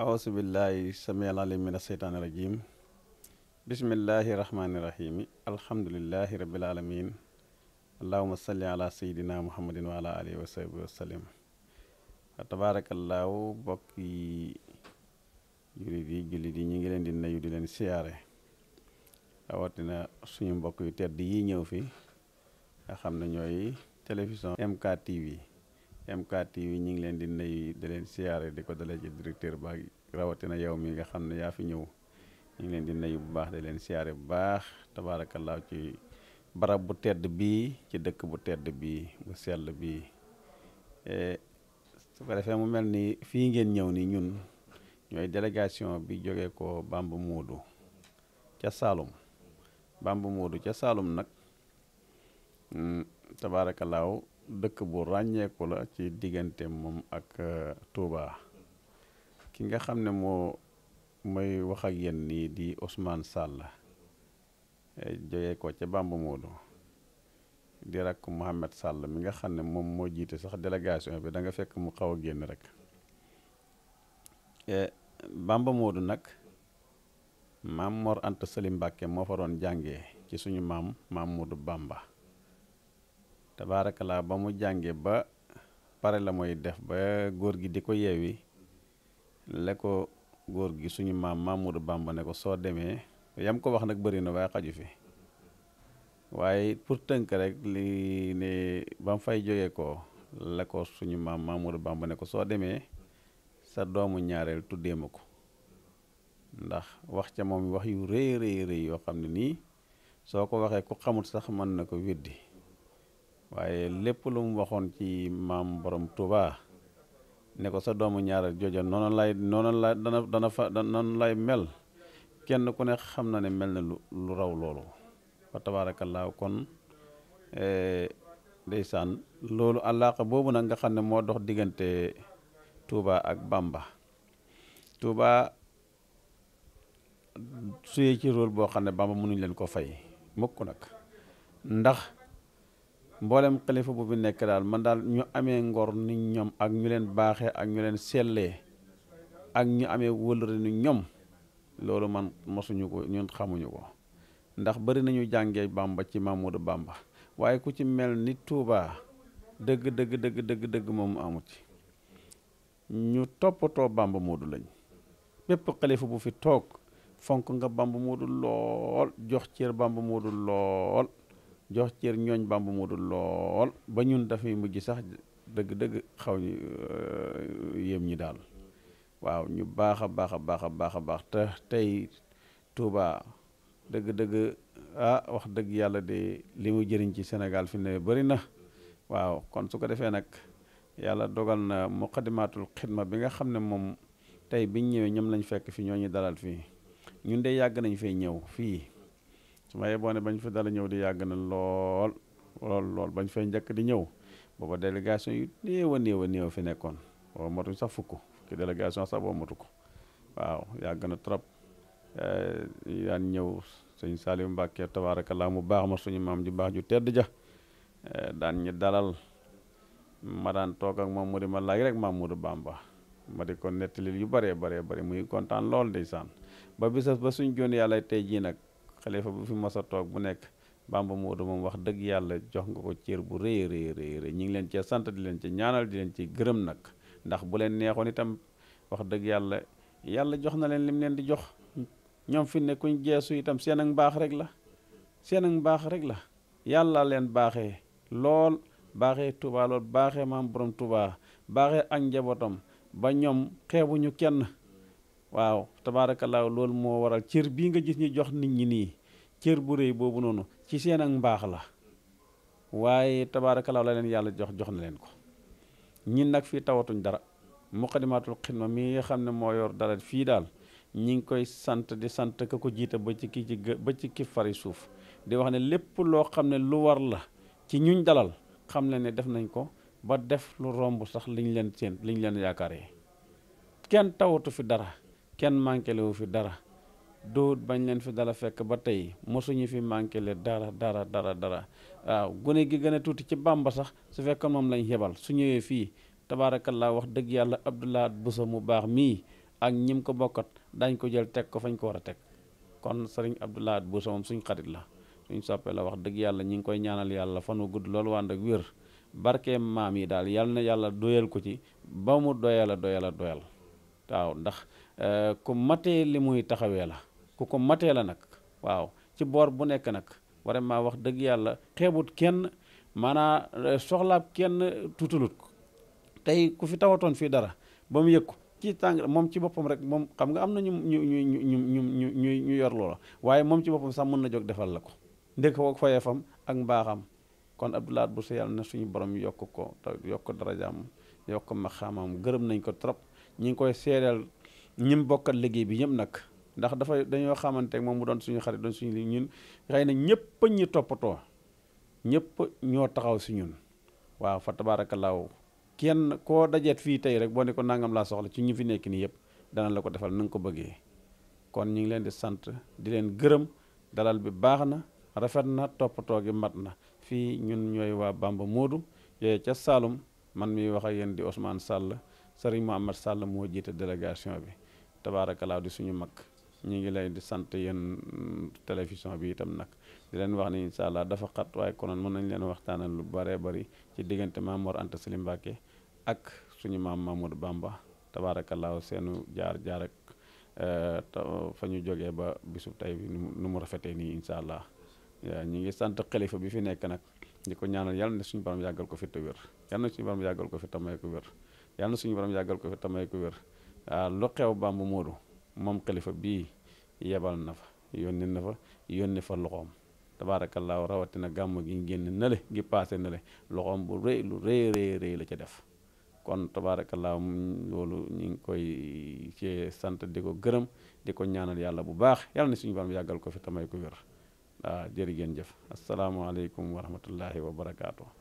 awusu billaahi samiil aliim mina seytaani rajiim bismillaahi rahmaani rahiim rabbil aalamiin allahumma salli ala sayyidina muhammadin wa ala alihi wa sahbihi wa sallim tabaarakallaahu bokk yi jullit yi jullit yi ñu ngi leen di nuyu di leen siyaare rawatina suñu mbokk yu tedd yi ñëw fi nga xam ne ñooy télévision MK TV MK TV ñu ngi leen di nay di leen siyaare di ko dalee ci directeur ba rawatina yow mi nga xam ne yaa fi ñëw ñu leen di nuyu bu baax di leen siyaare bu baax tabaarakallaa ci barab bu tedd bii ci dëkk bu tedd bii bu sell bii e, su ko defee mu mel ni fii ngeen ñëw ni ñun ñooy délégation bi joge ko Bamba Moodu ca Saalum Bamba Moodu ca Saalum nag mm, tabaarakallaaw dëkk bu ràññeeku la ci diggante moom ak euh, Touba ki nga xam ne moo mooy wax ak yéen nii di osmaan sàll eh, jógee ko ca Bamba Moodu di rakk Mouhamed Sall mi nga xam ne moom moo jiite sax délégation bi danga fekk mu xaw a génn rek eh, Bamba Moodu nag maam Mor Anta Sali Mbàkke moo fa doon jàngee ci suñu maam maam Moodu Bamba tabaarakalaa ba mu jànge ba pare la mooy def ba góor gi di ko yeewi la góor gi suñu maam Mamadou Bamba ne ko soo demee yam ko wax nag bëri na waaye xaju fi waaye pour tënk rek li ne ba mu fay jógee ko la suñu maam Mamadou Bamba ne ko soo demee sa doomu ñaareel tuddee ma ko ndax wax ca moom wax yu rëy rëy rëy yoo xam ne nii soo ko waxee ku xamul sax mën na ko weddi waaye lépp lu mu waxoon ci maam boroom Touba ne ko sa doomu ñaareel jooja noonu lay noonu lay dana dana fa noonu lay mel kenn ku ne xam na ne mel na lu raw loolu fa tabaarakallaa kon e, ndeysaan loolu àllaaqa boobu nag nga xam ne moo dox diggante Touba ak Bamba Touba suyee ci rôle boo xam ne Bamba nuñ leen ko fay mukk nag ndax mboolem xalifa bu fi nekk daal man daal ñu amee ngor ni ñoom ak ñu leen baaxee ak ñu leen sellee ak ñu amee wëlëre ni ñoom loolu man mosuñu ko ñun xamuñu ko ndax bari nañu jàngee Bamba ci Mamadou Bamba waaye ku ci mel ni Touba dëgg dëgg dëgg dëgg dëgg moom amu ci ñu toppatoo Bamba Moodu lañ bépp xalifa bu fi toog fonk nga Bamba Moodu lool jox bàmb Bamba Moodu lool jox cër ñooñ bamba moodu lool ba ñun dafay mujj sax dëgg-dëgg xaw ñu euh, yéem ñi daal waaw ñu baax a baax baax a baax a baax te tey Touba dëgg-dëgg ah wax dëgg yàlla de li mu jëriñ ci senegal fi ne bëri na waaw kon su ko defee nag yàlla dogal na muqaddimatul xidma bi nga xam ne moom tey biñ ñëwee ñoom lañ fekk fi ñoo ñu dalal fii ñun de yàgg nañu fee ñëw fii su ma yeboo ne bañ fa dala ñëw di yàgg na lool lool lool bañ fee njëkk di ñëw booba délégation yu néew a néew a néew fi nekkoon booba matuñ sax fukk ki délégation sax matu ko waaw yàgg na trop eh, daan ñëw yu Saliou Mbacke tabaarakallaa mu baax ma suñu maam ju baax ju tedd ja eh, daan ñi dalal ma daan toog ak moom mu di ma laaj rek Mamadou Bamba ma di ko nettali yu bëree baree bëri muy kontaan lool ndeysaan ba bisas ba suñ joon yàlla tey jii nag xalifa bu fi mos a toog bu nekk Bamba Moodu moom wax dëgg yàlla jox nga ko cër bu rëy rëy rëy ñi ngi leen cee sant di leen ca ñaanal di leen ci gërëm nag ndax bu leen neexoon itam wax dëgg yàlla yàlla jox na leen lim leen di jox ñoom fi ne jeesu itam seen ak mbaax rek la seen ak mbaax rek la yàlla leen baaxee lool baaxee Touba lool baaxee maam borom tubaa baaxee ak njabootam ba ñoom xeebuñu kenn waaw tabaarakallaahu loolu moo waral cër bii nga gis ñu jox nit ñi nii cër bu réy boobu noonu ci seen ak mbaax la waaye tabaarakallaahu la leen yàlla jox jox na leen ko ñun nag fii tawatuñ dara muqaddimatul xidma mi nga xam ne moo yor dara fii daal ñi ngi koy sant di sant ka ko jiita ba ci ki ci ba ci ki fari suuf di wax ne lépp loo xam ne lu war la ci ñuñ dalal xam leen ne def nañ ko ba def lu romb sax liñ leen seen liñ leen yaakaaree kenn tawatu fi dara kenn mànkelewu fi dara duut bañ leen fi dala fekk ba tey mosuñu fi mànkele dara dara dara dara waaw gune gi gën a tuuti ci bàmba sax su fekkoon moom lañ yebal su ñëwee fii tabaarakallaa wax dëgg yàlla abdoulaat busa mu baax mii ak ñim ko bokkat dañ ko jël teg ko fañ ko war a teg kon sëriñ abdoulaat busa moom suñ xarit la suñ soppee la wax dëgg yàlla ñi ngi koy ñaanal yàlla fan wu gudd loolu wànd ak wér barke maam yi daal yal na yàlla doyal ko ci ba mu doyal a doyal a doyal Euh, ku matee li muy taxawee la ku ko matee la nag waaw ci boor bu nekk nag vraiment wax dëgg yàlla xeebut kenn maanaa euh, soxlaab kenn tuutalut ko tey ku fi tawatoon fii dara ba mu yëg ko ci tàng moom ci boppam rek moom xam nga am na ñu ñu ñu ñu ñu ñu ñu yor loola waaye moom ci boppam sax mën na jog defal la ko ndëkk ko fayefam ak mbaaxam kon Abdoulaye bu sa yàlla na suñu borom yokk ko yokk darajaam yokk maxaamam gërëm nañ ko trop ñi ngi koy ñim bokkat liggéey bi ñëpp nag ndax dafa dañoo xamante moom mu doon suñu xarit doon suñu li ñun xëy na ñëpp ñu toppatoo ñëpp ñoo taxaw si ñun waaw fa tabaarakallaahu kenn ko dajeet fii tey rek boo ne ko nangam laa soxla ci ñu fi nekk nii yëpp dana la ko defal na nga ko bëggee kon ñu ngi leen di sant di leen gërëm dalal bi baax na rafet na toppatoo gi mat na fii ñun ñooy waa Bamba Moodu yooyu ca Saalum man mi wax ak yéen di Ousmane Sall Serigne Mohamed Sall moo jiite délégation bi tabaarakalaa di suñu mag ñu ngi lay di sant yéen télévision bi itam nag di leen wax ni incha allah dafa xat waaye konoon mën nañ leen waxtaanal lu baree bari ci diggante Maam Mor Anta Sali Mbàkke ak suñu maam Mamadou Bamba tabaarakalaa seenu jaar jaar ak eh, fa ñu jógee ba bisu tey bi nu mu rafetee nii incha allah eh, ñu ngi sant xalifa bi fi nekk nag ñu ko ñaanal yàlla na suñu borom yàggal ko fi te wér yàlla na suñu borom yàggal ko fi tamay ko wér yàlla na suñu borom yàggal ko fi tamay Euh, lu xew bàmba moodu moom xalifa bii yebal na fa yónni na fa yónni fa loxoom tabaarakallaahu rawatina gàmm gi génn na le gi paase na loxoom bu rëy lu rëy rëy la ca def kon tabaarakallaahu loolu ñu ngi koy ci sant di ko gërëm di ko ñaanal yàlla bu baax yàlla na suñu borom yàggal ko fi tamay ko wér waaw jërë ngeen jëf asalaamaaleykum wa rahmatullahi wa barakaatu.